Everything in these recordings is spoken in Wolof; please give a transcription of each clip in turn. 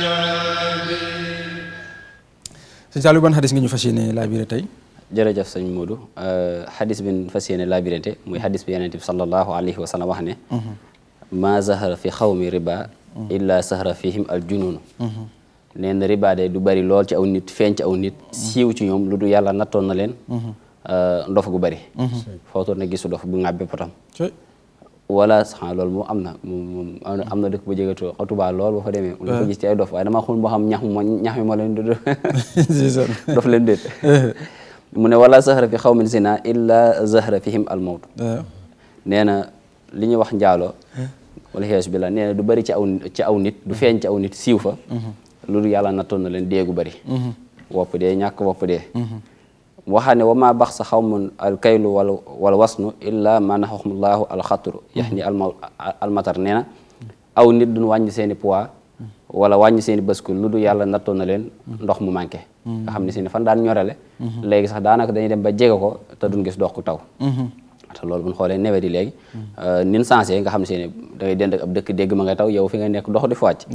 sëñ Saliou ban xadis nga ñu fas yéene laabiré tey jërëjëf sëñ Modou euh, xadis bi ñu fas yéene laabiré muy xadis alayhi wa sallam ne mhm. ma zahara fi xawmi riba mhm. illa sahara fihim al jununu mhm. nee na riba de du bari lool ci aw nit feeñ ci aw nit siiw ci ñoom lu du yàlla nattoon na leen euh, ndof gu bari foo gisu dof bu ŋàbbee potam wala sax lool moom am na moom am na dëkk bu jege Touba lool boo fa demee. waaw nga ko gis boo xam ñax mi moo ñax mi moo leen di dof leen mu ne wala zahra fi xawmin zina illa zahra fihim al mawt. nee na li ñuy wax njaalo. wala xees bi la nee du bari ci aw ci aw nit du feeñ ci aw nit siiw fa. loolu mhm. yàlla nattoon na leen dee gu bëri. Mhm. dee ñàkk wopp dee. Mhm. mu waxaa ne wa ma bax sa xawmun alkaylu wal wal wasnu illa ma naxaxumullahu alxatru yaxni almatar nee na aw nit duñ wàññi seen i poids wala wàññi seen i lu du yàlla nattoo na leen ndox mu manqué nga xam ne si fan daan ñorale léegi sax daanaka dañuy dem ba jege ko te duñ gis dox ku taw te loolu bu ñu xoolee nawet yi léegi euh, nin sensé nga xam ne seeni da dëkk dégg ma ngay taw yow fi nga nekk dox di fa wàcc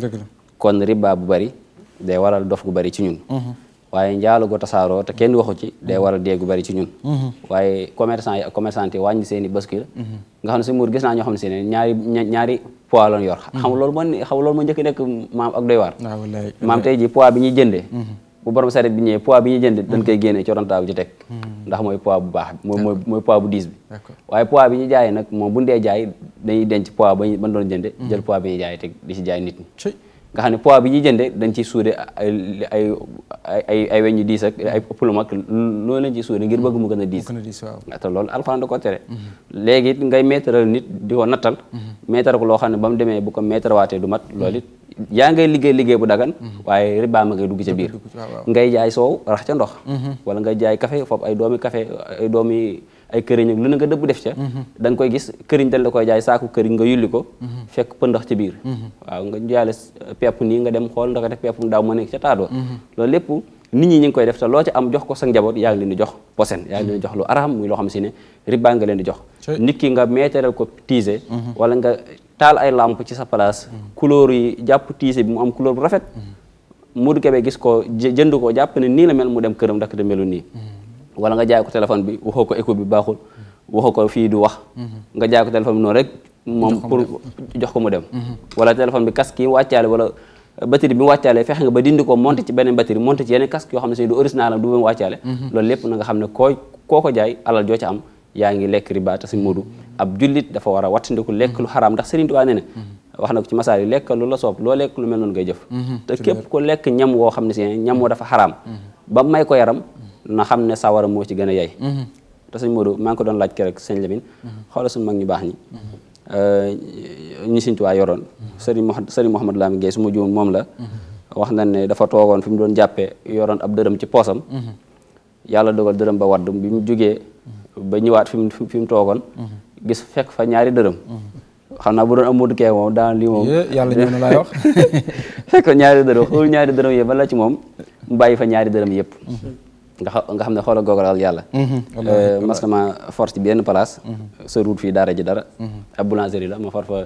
kon riba bu bari day waral dof gu bari ci ñun mhm. waaye njaalo go tasaaroo te kenn waxu ci day war a dégg bari ci ñun mhm. waaye commerçant yi ak commerçante yi mhm. nga xam ne si muur gis naa ñoo xam ne ñaari ñaari poids lañ mhm. xam loolu moo njëkk nekk maam ak doy waar ah, maam tey ji poids bi ñuy jëndee bu borom bi ñëwee poids bi ñuy jënd dañ koy génne ci rontaaw ji ndax mooy poids bu baax mooy mooy bu diis bi waaye poids bi ñu jaayee nag moom bu ñu jaay dañuy denc poids ba jënde jël poids nga xam ne poids bi ñuy jëndee dañ ciy suude ay ay ay ay lu yu diis ak ay plum ak loolu lañ ciy suude ngir bëgg mu gën a diis te loolu alxuraan da ko tere mhm. léegi it ngay meetaral nit di ko nattal mhm. meetar ko loo xam ne ba mu demee bu ko meetar waatee du mat loolu it mhm. yaa ngay liggéey liggéey bu dagan waaye ribaa ma ngay dugg ca biir ngay jaay soow rax ca ndox wala ngay jaay café foofu ay doomi café ay doomi ay këriñ ak lu ne nga dëbb def ca mhm. da nga koy gis këriñ dañ la koy jaay saaku këriñ nga yulli ko mhm. fekk pëndax ci biir mhm. waaw nga jaale pepp nii nga dem xool ndakate peppum daaw ma nekk ca taadoo ñu ngi koy def loo ci am jox ko sa njaboot yaa ngi leen di jox posen yaa ngi leen di jox lu araam muy loo xam si ne riba nga leen di jox nit ki nga meeteral ko tiise wala nga taal ay lamp ci sa place couleur yi jàpp tiise bi mu am couleur bu rafet Modou Kébé gis ko jënd ko jàpp ne nii la mel mu dem këram dakk de melu nii wala nga jaay ko bi waxoo ko écho bi baaxul waxoo ko fii du wax mhm. nga jaay ko téléphone bi noonu rek moom pour jox ko mu dem mhm. wala téléphone bi casque yi wàccaale wala bi mu wàccaalee ba dindi ko monté ci beneen batterie monté ci yeneen casque yoo xam ne si du original am du mu wàccaale mhm. loolu lépp na nga xam ne koo koo ko jaay am jullit dafa war a wattandiku lekk lu xaraam ndax Sëriñ Tuubaa na wax na ko ci masaal yi lekk lu la soob loo lekk lu mel noonu ngay jëf te ko lekk ñam woo xam ne si ñam woo dafa xaraam ba may ko yaram na xam ne sawara moo ci gën a yey mhm. te sëñ Modou maa ngi ko doon laaj keroog sëñ Lamine mhm. xoola suñu mag ñu baax mhm. euh, ñu ñi sëñ Tuubaa yoroon sëriñ Mouhamad sëriñ Mouhamad Lamine Guèye su moom la wax na ne dafa toogoon fi mu doon jàppee yoroon ab dërëm ci poosam yàlla dogal dërëm ba wadd bi mu jógee ba ñëwaat fi mu fi mu toogoon gis fekk fa ñaari dërëm xam naa bu doon am Modou Kébé moom daan lii moom yàlla ñëw na laay wax fekk fa ñaari dërëm xool ci moom bàyyi fa ñaari dërëm yëpp nga xam nga xam ne xoola googu daal yàlla. Mhm, euh, mas na ma force ci benn place. Mhm. soriwul fii daara ji dara. Mhm. a boulangerie la ma for fa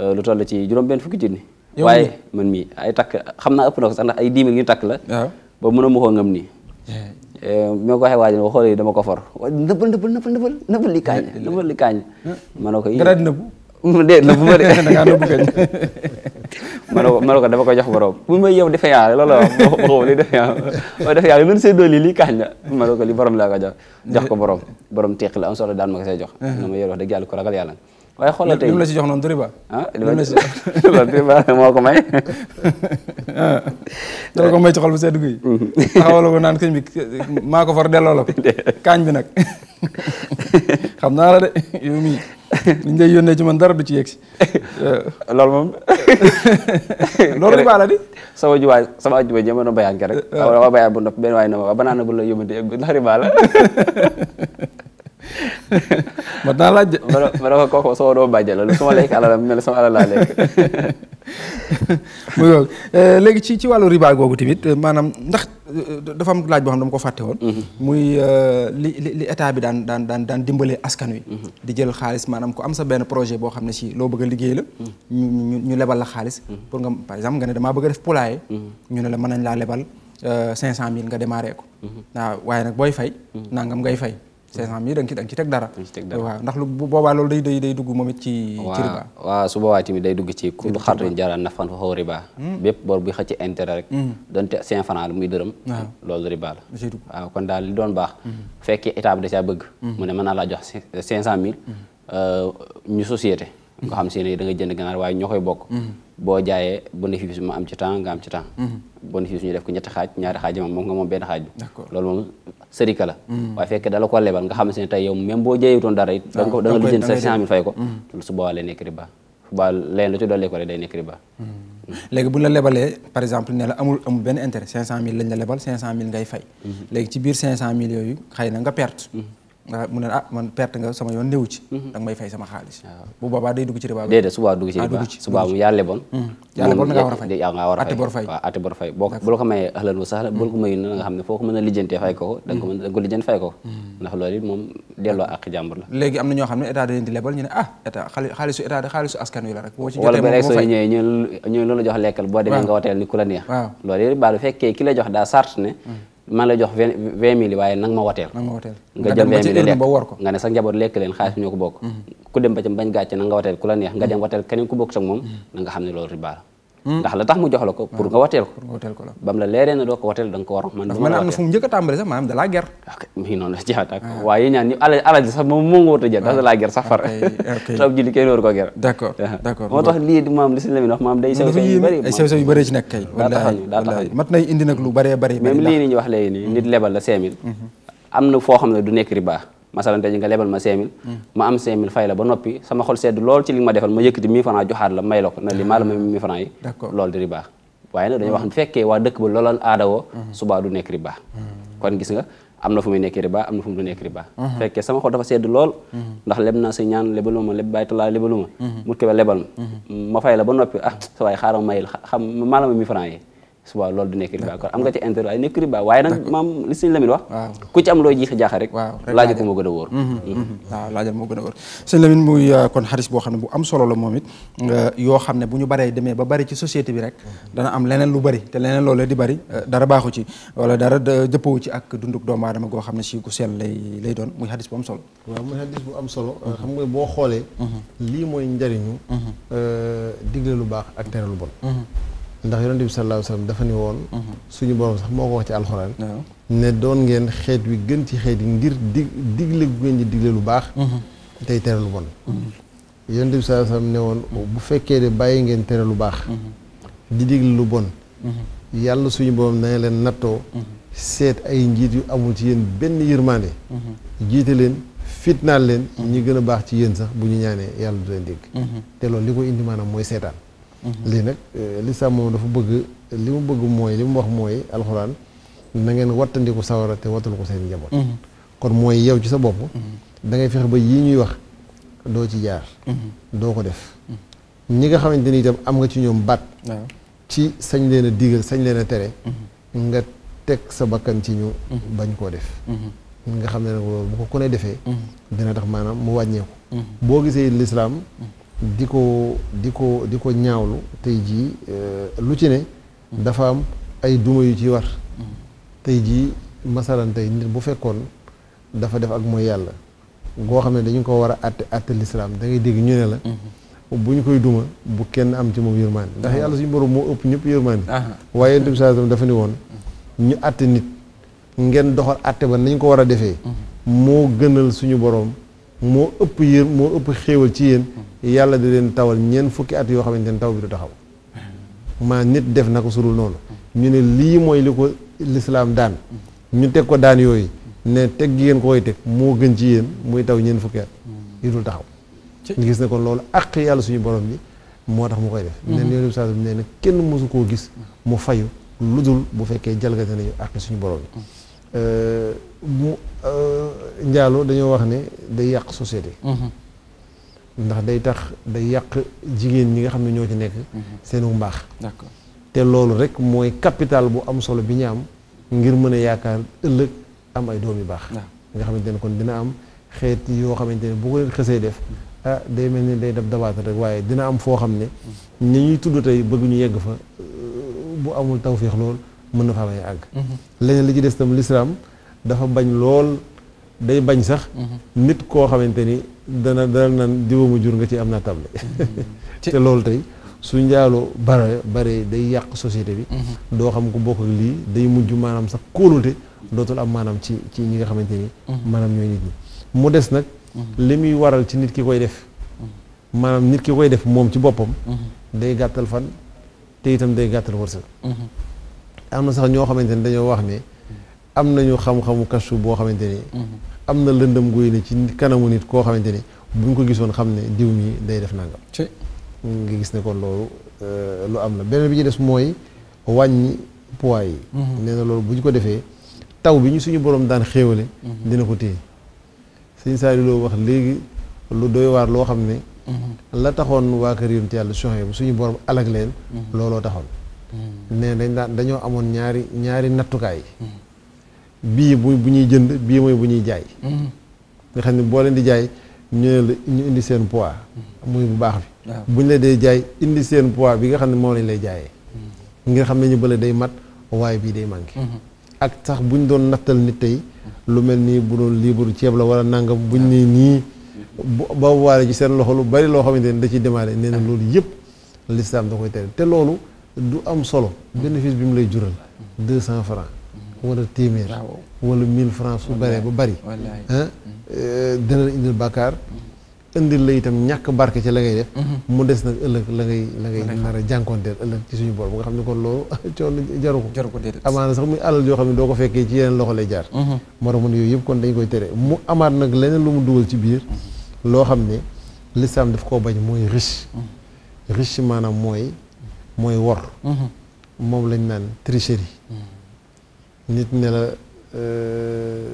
euh, lu toll ci juróom-benn fukki junni. waaye man mii ay takk xam naa ëpp na ko sax ndax ay dix mille ñu takk la. ba mën a mu ngam nii. Euh, bi ma ko waxee waa yi dama ko for wa nëbal nëbal nëbal nëbal kaañ nëbal li kaañ. ma déet la bu ma de. da ngaa nëbb kañ. ma ne ko ma ne ko dafa ko jox borom bu may yow defe yaa loolu la wax ma xaw ma lii defe yaa ma defe yaa mën see dolli lii ma ne ko li borom laa ko jox jox ko borom borom teq la am solo daan ma ko see jox. na ma yor wax dëgg yàlla ku li mu la ko may. dala ko bi maa kaañ bi nag xam naa la de yow mii. li ñu lay yónnee ci man dara du ci yegg si. loolu moom. loolu baax la di. sama jiwaay sama jiwaay jéem a doon bayaan rek. waaw waaw bayaan bu noppi benn waay na ma waaw banaan bu la yóbbante ndax baax la. ma daan laaj ma ne ma la lu sama mel sama alal muy euh, léegi ci ci wàllu riba googu tamit euh, maanaam ndax euh, dafa am laaj boo xam dama ko fàtte woon. Mm-hmm. muy li li état bi daan daan daan daan dimbalee askan wi. Mm-hmm. di jël xaalis maanaam ko am sa benn projet boo xam ne si loo bëgg a liggéey la. Mm-hmm. ñu ñu ñu lebal la xaalis. pour nga par exemple nga ne damaa bëgg a def poulailler. ñu ne la mën nañ laa lebal cinq cent mille nga démarré ko. waaw waaye nag booy fay. nangam ngay fay. 500 mille da nga ci da nga ci teg dara. waaw ndax lu boobaa loolu day day day dugg moom it ci. ci riba waaw su boobaa tamit day dugg ci. kullu xarrin jaraa naf'an fa huwa riba. Hmm. bépp bor bu xëcc intérêt rek. Hmm. donte 5 francs la muy doon baax. Hmm. fekkee état da caa bëgg. mu ne mën naa laa jox 500000. Euh, ñu société. nga xam si ne da nga jënd ganaar waaye ñoo koy bokk. boo jaayee bénéfice bi ma am ci temps nga am ci temps mhm. bénéfice ñu def ko ñetti xaaj ñaari xaaj moom moom nga moom benn xaaj bi loolu moom sërika la mhm. waaye fekkee dala ko lebal nga xam ne tey yow même boo jëyewutoon dara it ah, da nga da nga lijjanti sa cent mille mhm. leen lu ci dolli ko rek day nekk riba léegi bu la lebalee par exemple ne la amul amul benn intérêt cinq cent mille lañ la lebal cinq cent mille ngay fay léegi ci biir cinq cent mille yooyu xay na nga pert nga mu ne ah man perte nga sama yoon néew ci mhm. da nga may fay sama xaalis bu boobaa day dugg ci riba déedéet subaa dugg ci ah, riba subaa mu yaa lebon mhm. yaa lebon nga war a fay yaa nga war a fay ati bor fay waaw ati bor fay boo bu la mhm. ko mayee ahlan wa sahlan bu la ko mayu na nga xam ne foo ko mën a lijjantee fay ko da nga ko mën da nga ko lijjante fay ko ndax loolu it moom delloo ak jàmbur la léegi am na ñoo xam ne état da leen di lebal ñu ne ah état xaalisu état de xaalisu askan wi la rek boo ci jotee wala soo ñëwee ñu ñu loolu jox lekkal boo demee nga wateel ni ku la neex loolu riba bu fekkee ki la jox daa sart ne man la jox vingt mille waaye nang ma wateel nga jël vingt mille lekk nga ne sa njaboot lekk leen xaalis bi ñoo ko bokk mhm. ku dem ba ca bañ nga wateel ku la neex nga mhm. dem wateel keneen ku bokk sax moom mhm. na nga xam ne loolu riba Hmm. ndax la tax mu jox la ko pour hmm. nga wateel ko ba mu la leeree ne doo ko wateel da ko war man man am na fu mu njëkk a tàmbali da laa ñu a mat nay indi lu bëree bëri même lii ni ñu nit hmm. lebal la cinq am na foo xam du nekk riba masalan tey ji nga lebal ma 5000 ma am 5000 fay la ba noppi sama xol sedd lool ci li ma defal ma yëkkati 1000 francs joxaat la may la ko na li maa la may 1000 francs yi loolu di riba waaye nag dañuy wax fekkee waa dëkk ba loolal aadawoo mhm. subaa du nekk riba mhm. mhm. fekkee sama xol dafa sedd lool ndax leb naa si ñaan lebalu ma leb bàyyi talaa lebalu ma mut lebal ma fay la ba noppi ah sa waaye xaaral may xam ma 1000 francs yi suba loolu du nekk riba kon am nga ci intérêt waaye nekk riba waaye nag maam li sëñ Lamine wax ku ci am loo jiix jaaxa rek laajal ko moo gën a wóor mhm, mhm, mm-hmm. waaw laajal moo gën a wóor sëñ Lamine muy euh, kon xadis boo xam ne bu am solo la moom it euh, yoo xam ne bu ñu baree demee ba bari ci société bi rek dana am leneen lu bari te leneen loolu di bari euh, dara baaxu ci wala dara dëppoo ci ak dunduk doomu aadama goo xam ne si gu sell lay lay doon muy xadis bu am solo waaw muy xadis bu am solo xam nga boo xoolee mhm. lii mooy njariñu digle lu baax ak tere lu bon ndax yonent bi sallallahu alayhi wa sallam dafa ni woon mhm. suñu borom sax moo ko wax ci alxuraan ne doon ngeen xeet wi gën ci xeet yi ngir dig digle gu ngeen di digle lu baax mhm. tey tere lu bon mhm. yonent bi sallallahu bu fekkee de bàyyi ngeen tere lu baax di lu bon yàlla suñu borom dana leen nattoo seet ay njiit yu amul ci yéen benn yërmande jiite leen fitnaal leen ñi gën a baax ci yéen sax bu ñu ñaanee yàlla du leen dégg te loolu li ko indi maanaam mooy seetaan lii nag eh, lislaam moom dafa bëgg li mu bëgg mooy li mu wax mooy alxuraan na ngeen wattandiku sawara te wattul ko seen njaboot. Mhm. kon mooy yow ci sa bopp. Mhm. dangay ngay fexe ba yii ñuy wax doo ci jaar. Mhm. doo ko def. ñi nga xamante ni itam am nga ci ñoom baat. ci sañ leen a sañ leen a tere. nga teg sa bakkan ci ñu. bañ koo def. nga xam ne nag loolu ko ku ne defee. dina tax maanaam mu wàññeeku. boo gisee lislaam di ko di ko di ko ñaawlu tey jii euh, lu ci ne dafa am ay duma yu ci war tey jii masalan tey nit bu fekkoon dafa def ak mooy yàlla goo xam ne dañu ko war a àtte àtte lislaam da dégg ñu ne la mhm. bu ñu koy duma bu kenn am ci moom yërmaande ndax mhm. yàlla suñu borom moo ëpp ñëpp yërmaande waaye yonent bi sallallahu dafa ni woon ñu àtte nit ngeen doxal àtte ba nañ ko war a defee mhm. moo gënal suñu boroom moo ëpp yër moo ëpp xéewal ci yéen yàlla di leen tawal ñeent fukki at yoo xamante ne taw bi du taxaw maa nit def na ko surul noonu ñu ne lii mooy li ko lislaam daan ñu teg ko daan yooyu ne teg gi ngeen ko koy teg moo gën ci yéen muy taw ñeent fukki at yu dul taxaw ñu gis ne kon loolu àq yàlla suñu borom bi moo tax mu koy def neen mhm. yoonu saa bi nee na kenn mosu koo gis mu fayu lu dul bu fekkee jalgati nañu àq suñu borom bi mhm. euh, mu euh, njaaloo dañoo wax ne day yàq société mhm. ndax day tax day yàq jigéen ñi nga xam ne ñoo ci nekk. Mhm. seenu mbaax. d'accord te loolu rek mooy capital bu am solo bi ñu am ngir mën a yaakaar ëllëg am ay doom yu baax. nga xamante ni kon dina am xeet yoo xamante ne bu ko leen xësee def. Mhm. ah day mel ni day dab dabaata rek waaye dina am foo xam ne. Mhm. ñi ñuy tudd tey bëgg ñu yegg fa euh, bu amul tawféex lool mën na faa bañ a àgg. leneen li ci des itam lislaam dafa bañ lool day bañ sax. nit koo xamante ni. dana dana naan diwa mu jur nga ci am naa table mm-hmm. te loolu tey su njaaloo bare bare day yàq société bi mm-hmm. doo xam ku bokk ak lii day mujj maanaam sax kóolute dootul am maanaam ci ci ñi nga xamante ni mm-hmm. maanaam ñooy nit ñi mu des nag li muy waral ci nit ki koy def maanaam nit ki koy def moom ci boppam day gàttal fan te itam day gàttal wërsëg am na sax ñoo xamante ni dañoo wax ne am nañu xam-xamu kasu boo xamante ni am na lëndam guy ne ci kanamu nit koo xamante ni buñ ko gisoon xam ne diw mi day def nangam. ci nga gis ne kon loolu euh, lu am la beneen bi ci des mooy wàññi poids yi. Mhm. nee na loolu bu ñu ko defee taw bi ñu suñu borom daan xéewale mhm. dina ko téye sëñ Saali loo wax léegi lu doy loo xam ne. Mhm. la taxoon waa kër yonent yàlla bu suñu borom alag leen. looloo taxoon. nee dañ daan dañoo amoon ñaari ñaari nattukaay. bii bu ñuy jënd bii mooy bu ñuy jaay mm-hmm. nga xam ne boo leen di jaay ñu ne la ñu indi seen poids mm-hmm. muy bu baax bi bu ñu la dee jaay indi seen poids bi nga xam ne moom lañ lay jaayee mm-hmm. nga xam ne ñu bële day mat waaye bii day manqué ak sax bu ñu doon nattal nit tey lu mel nii bu doon liibaru ceeb la wala nangam buñ ne nii ba waale ci seen loxo lu bari loo xamante ne da ciy démarré nee na loolu yëpp l'islam da koy tere te loolu du am solo bénéfice bi mu lay jural deux cent wala téeméer. wala 1000 francs su bëree ba bëri. ah eh, dina la indil bàkkaar. indil la itam ñàkk barke ci la ngay def. Mhm. mu des nag ëllëg la ngay la a jànkonteel ëllëg ci suñu bor bu nga xam ne kon loolu coono jaru ko. jaru ko déedéet amaana sax muy alal yoo xam ne doo ko fekkee ci yeneen loxo lay jaar. moo tax mu ne yooyu yëpp kon dañ koy tere mu amaat nag leneen lu mu dugal ci biir. loo xam ne lislaam daf koo bañ mooy riche. Mhm. riche maanaam mooy mooy wor. Mhm. moom lañ naan tricherie. nit ne la euh,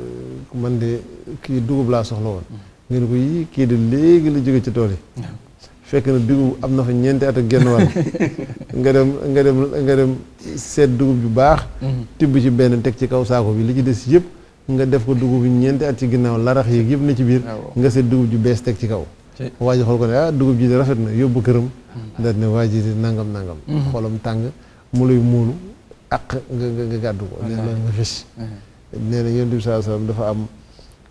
man de kii dugub laa soxla woon nga ne ko yii kii de léegi la jóge ci tool yi fekk na dugub am na fa ñeenti at ak genn wàll nga dem nga dem nga dem seet dugub ju baax mhm. tibb ci benn teg ci kaw saako bi li ci des yëpp nga def ko dugub ñeenti at ci ginnaaw larax yeeg yëpp na ci biir ah, nga seet dugub ju bees teg ci kaw waa ji xool ko ne ah dugub ji de rafet na yóbbu këram mhm. daal ne waa ji nangam nangam mhm. xolam tàng mu lay muulu àq nga nga gàddu ko nee na nga fis nee na yonent bi sallallahu alayhi wasallam dafa am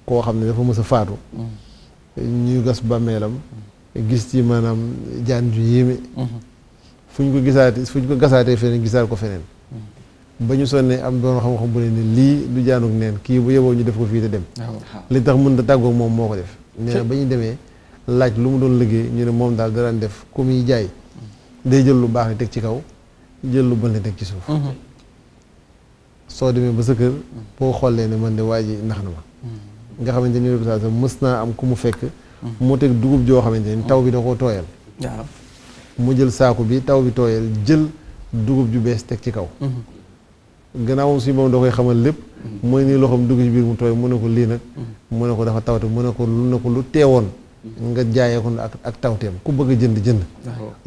koo xam ne dafa mës a faatu mm-hmm. ñuy gas bàmmeelam mm-hmm. gis ci maanaam jaan ju yéeme mm-hmm. fu ñu ko gisaatee fu ñu ko gasaatee feneen gisaat ko feneen ba ñu sonnee am doon xam-xam bu ne ni lii du jaanuk neen kii bu yeboo ñu def ko fii te dem oh. li tax mën a tàggoog moom moo ko def nee na ba ñu demee laaj lu mu doon liggéey ñu ne moom daal daraan def ku muy jaay day jël lu baax li teg ci kaw jël lu bon li teg ci suuf soo demee ba sa kër boo xoolee ne man de waa ji ndax na ma hmm. nga xamante ni répétition mës naa am ku mu fekk hmm. mu teg dugub joo xamante ni taw bi da koo tooyal mu jël saaku bi taw bi tooyal jël dugub ju bees teg ci kaw hmm. gannaawam suñu moom doo koy xamal lépp mooy nii loxoom dugg ci biir mu tooy mu ne ko lii nag mu ne ko dafa tawte mu ne ko lu ne ko lu teewoon nga jaayee ko ak ak tawteem ku bëgg a jënd jënd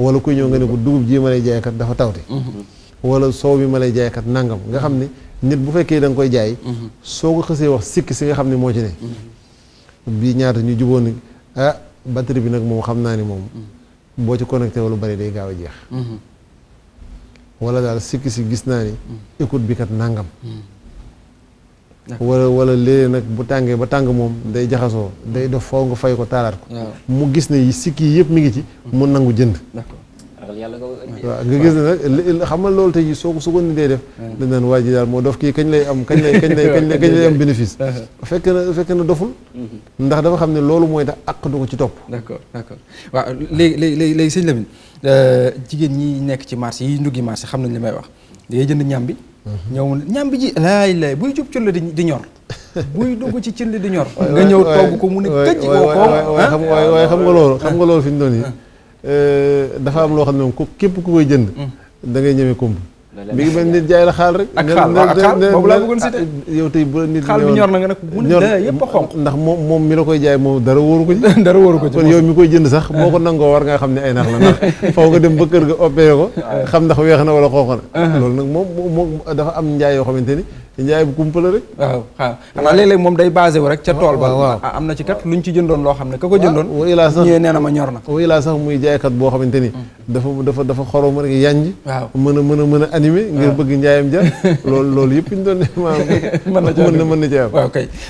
wala kuy ñëw nga ne ko dugub jii ma lay jaaykat dafa tawte wala soow bi ma lay jaaykat nangam nga xam ne nit bu fekkee da koy jaay. Mhm. soo ko xësee wax sikk si nga xam ne moo ci ne. Mhm. bii ñaata ñu jubóo ni ah batterie bi nag moom xam naa ni moom. Mhm. boo ci connecté lu bari day gaaw a jeex. wala daal sikk si gis naa ni. écoute bi kat nangam. wala wala léeg nag bu tàngee ba tàng moom day jaxasoo day def faw nga fay ko taalaat ko. mu gis ne sikk yi yëpp mi ngi ci. mu nangu jënd. waa yàlla nga waaw gis ne nag xam nga loolu tey jii soo ko su ko nit dee def ah. dañ naan waa ji daal moo dof kii kañ lay am kañ lay kañ lay kañ lay am bénéfice ah. fekk na fekk na doful mhm. ndax dafa xam ne loolu mooy tax àq du ko ci topp d'accord d'accord waaw léegi léegi léegi sëñ Lamine euh, jigéen ñi nekk ci marché yi nduggi marché xam nañ li may wax dangay jënd ñam bi mhm. ñëw ñam bi ji laay laay buy jub cul la di ñor buy dugg ci cin li di ñor nga ñëw togg ko mu ne këcc waaye ah. xam nga loolu xam nga loolu fi ñu doon yi Euh, dafa am loo xam ne moom képp ku koy jënd. Mm. da ngay ñëwee kumb. mi ngi mel nit jaay la xaal rek. ak xaal waaw ak xaal ah, yow tey bu nit xaal bi ñor na nga nag bu ñor yëpp ndax moom moom mi la koy jaay moom dara wóoru ko ci. ko ci kon yow mi koy jënd sax moo ko nangoo war ngaa xam ne ay nax la ndax faw nga dem ba kër ga opéré ko xam ndax weex na wala xonq na uh-huh. loolu nag moom moom dafa am njaay yoo xamante ni njaay bu kumpala rek waaw waaw xanaa léeg-léeg moom day basé wu rek ca tool ba waaw am na ci kat ñu ci jëndoon loo xam ne ka ko jëndoon wa ilaa sax ñëwee nee na ma boo xamante ni dafa dafa dafa xorom rek yanj waaw mën a mën mën a animé ngir bëgg njaayam ja loolu loolu yëpp ñu doon maam mën na mën na mën na ci am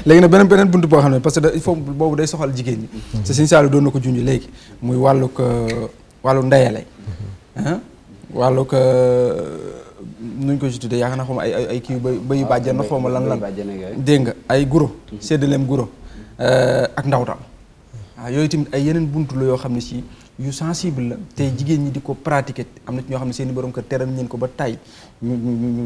léegi nag beneen beneen bunt boo xam ne parce que il faut boobu day soxal jigéen ñi te Sëñ Saliou doon na ko junj léegi muy wàllug euh, wàllu ndeyale mm-hmm. ah, wàllug euh, nuñ ko si tuddee yaakaar naa xaw ma ay ay kii bay bayu ah, bàjjan xaw ma lan lan dégg nga ay guro mhm. séddaleem guro euh, ak ndawtal waaw mhm. ah, yooyu tamit ay yeneen bunt la yoo xam ne si ñu sensible la te mhm. jigéen ñi di ko pratiquer am na ñoo xam ne seen i borom kër teral ñeen ko ba tay ñu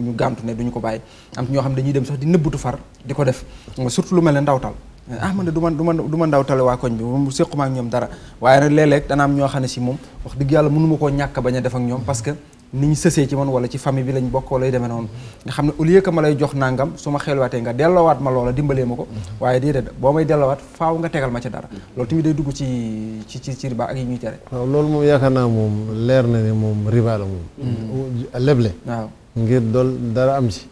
ñu gàntu ne duñu ko bàyyi am ci ñoo xam ne dañuy dem sax di nëbbutu far di ko def surtout lu mel ne ndawtal ah man de du ma ma du ma ndawtale waa koñ bi moom séquma ak ñoom dara waaye nag léeg-léeg am ñoo xam ne si moom wax dëgg yàlla mënuma koo ñàkk bañ a def ak ñoom parce que ni ñu sësee ci man wala ci famille bi lañ bokk wala yu demee noonu nga xam ne au lieu que ma lay jox nangam su ma xelwaatee nga delloowaat ma loola dimbalee ma ko waaye déedéet boo may delloowaat faaw nga tegal ma ci dara loolu tamit dugg ci ci ci ci riba ak yi ñuy tere waaw loolu moom yaakaar naa moom leer na ne moom riba la moom mm. leble waaw ngir dool dara am ci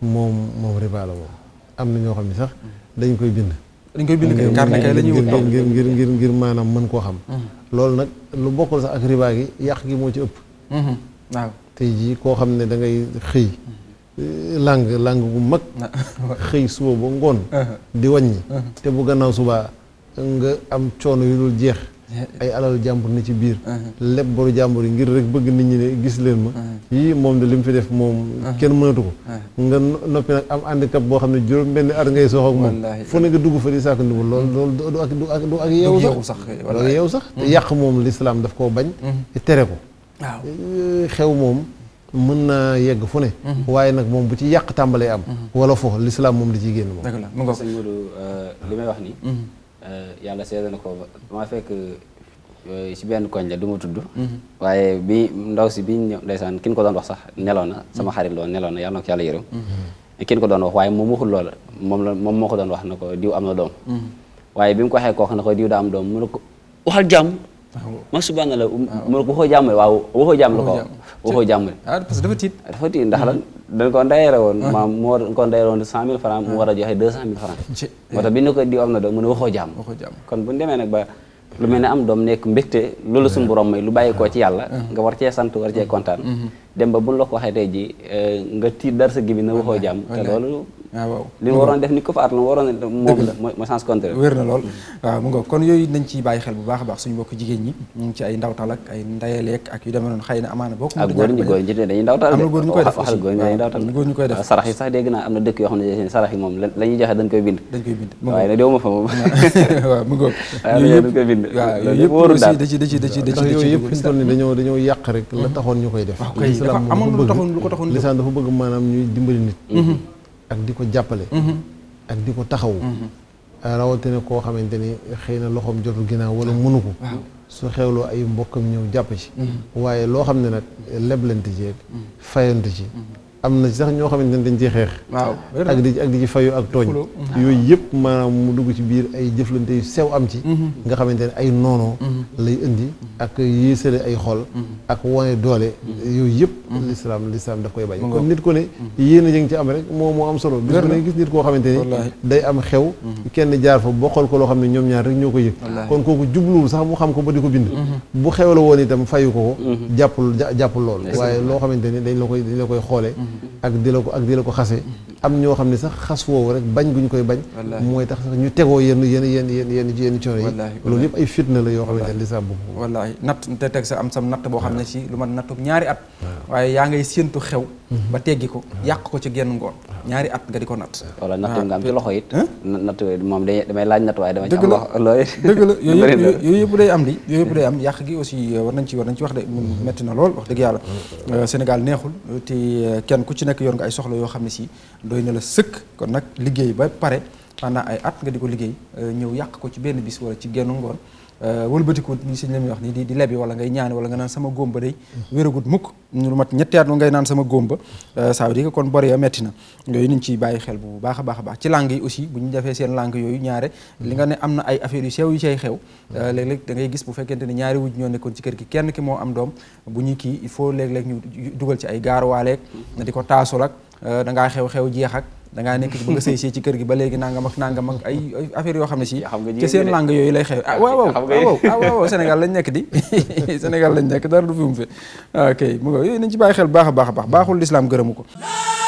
moom moom riba la moom am na ñoo xam ne sax dañ koy bind dañ koy bind kay carnet la ñuy wut ngir ngir ngir maanaam mën koo xam mm. loolu nag lu bokkul sax ak riba gi yàq gi moo ci ëpp mm-hmm. waaw tey jii koo xam ne dangay ngay xëy. lang lang bu mag. xëy suba ba ngoon. Uh-huh. di wàññi. Uh-huh. te bu gannaaw subaa nga am coono yu dul jeex. ay alal jàmbur na ci biir. Uh-huh. lépp boru jàmbur yi ngir rek bëgg nit ñi ne gis leen ma. yii moom de li mu fi def moom. kenn mënatu ko. nga noppi nag am handicap boo xam ne juróom benn at ngay sox ak moom. fu ne nga dugg fa di saako ndimul loolu loolu du ak du ak du ak yeewu sax. loolu yeewu sax te yàq moom lislaam daf koo bañ. tere ko. waaw eh, xew moom mën na yegg fu ne. Mhm. waaye nag moom bu ci yàq tàmbalee am. Mhm. wala fo lislaam moom di ciy génn moom. dëgg la mu sëñ Modou eh, may wax nii. Mhm. Eh, yàlla seede na ko ma fekk ci benn koñ la ma tudd. waaye bi si bi ñëw ki ko doon wax sax neloo na sama xarit lool neloo na yàlla na ko yàlla yërëm. ki ñu moo doon wax na ko diw am na doom. waaye bi mu ko waxee koo xam ne ko diw daa am doom mu ne ko waxal jàmm. man subhaana la mu ne ko waxoo jàmm waaw waxoo jàmm la ko waxoo jàmm parce que dafa tiit ndax lan dañ woon maam mu war ko ndayere woon cent mille francs mu war a joxe deux cent mille francs moo tax bi ñu ko di am kon bu ñu demee nag ba lu mel ne am doom nekk mbégte loolu suñu borom may lu bàyyi koo ci yàlla nga war cee sant war cee kontaan dem ba buñ la ko waxee tey jii euh, nga tiit dar sa gi na waxoo jàmm te loolu ah, waaw li mu waroon def ni ko fa at lu waroon moom la bu baax a baax ñi ñu ngi sarax yi sax dégg naa am na dëkk yoo xam ne sarax yi moom la ñuy joxe dañ koy bind dañ koy bind waaye nag déwuma fa moom waaw mu ngoog yooyu yëpp dañ koy bind waaw yooyu yëpp da ci da ci da da ci yëpp yàq rek la taxoon ñu koy def lislaam amoon lu taxoon lu ko taxoon lislaam dafa bëgg maanaam ñuy dimbali nit mhm. ak di ko jàppale mhm. ak di ko taxawu mhm. rawatina koo xamante ni xëy na loxoom jotul ginnaaw wala ah. mënu ko su xewloo ay mbokkam ñëw jàpp ci waaye loo xam ne nag leblante ci ak fayante ci am na ci sax ñoo xamante ne dañ ciy xeex. waaw ak di ak di ci fayu ak tooñ. yooyu yëpp maanaam mu dugg ci biir ay jëflante yu sew am ci. Mhm. nga xamante ne ay noonoo mhm. lay indi ak yéesale ay xol. Mhm. ak wane doole. yooyu yëpp. lislaam lislaam daf koy bañ. kon nit ko ne yéen a ngi ci am rek moo moo am solo. bis bu ne gis nit koo xamante ni day am xew. kenn jaar fa bokkal ko loo xam ne ñoom ñaar rek ñoo ko yëg. kon kooku jubluwul sax mu xam ko ba di ko bind. bu xew la woon itam fayu ko ko. jàppul jàppul lool. waaye loo xamante ni dañ la koy la koy xoolee ak di la ko ak di la ko xase am ñoo xam ne sax xas woowu rek bañ gu ñu koy bañ mooy tax sax ñu tegoo yenn yenn yenn yenn yenn yenn coono yi loolu yëpp ay fitna la yoo xam ne lislaam bëgg wallaahi natt te teg sa am sam natt boo xam ne si lu man nattub ñaari at waaye yaa ngay séentu xew mhm. ba teggi ko yàq ko ci genn ngoon ñaari at nga di ko natt. wala natt ah. nga am ci loxo it. natt moom damay laaj natt waaye dama ci am loxo dëgg la yooyu yëpp day am li yooyu day am yàq gi aussi euh, war nañ ci war nañ ci wax de metti na lool wax dëgg yàlla euh, Sénégal neexul te euh, kenn ku ci nekk yoon nga ay soxla yoo xam ne si doy na la sëkk kon nag liggéey ba pare pendant ay at nga di ko liggéey ñëw yàq ko ci benn bis wala ci genn ngoon Euh, wëlbatiku li sëñ la muy wax ni di di lebi wala ngay ñaan wala nga naan sama góomba day wéragut mukk lu mat ñetti at ngay naan sama gomba euh, ça veut dire kon bor ya metti na yooyu niñ ciy bàyyi xel bu baax a baax a baax ci langue yi aussi bu ñu seen langue yooyu ñaare li nga ne am na ay affaires yu sew yu cay xew euh, léeg-léeg da ngay gis bu fekkent ne ñaari wujj ñoo nekkoon ci kër gi kenn ki moo am doom bu ñuy kii il faut léeg-léeg ñu dugal ci ay gaaruwaaleeg na di ko taasu ak da xew-xew jeex ak da nekk ci bëgg a sëy ci kër gi ba léegi nangam ak nangam ak ay affaire yoo xam ne si ci seen langue yooyu lay xew ah waaw waaw ah waaw Sénégal lañ nekk di Sénégal lañ nekk dara du fi mu fi ah, ok mu nga yooyu nañ ci bàyyi xel baax a baax baax baaxul lislaam gërëmu ko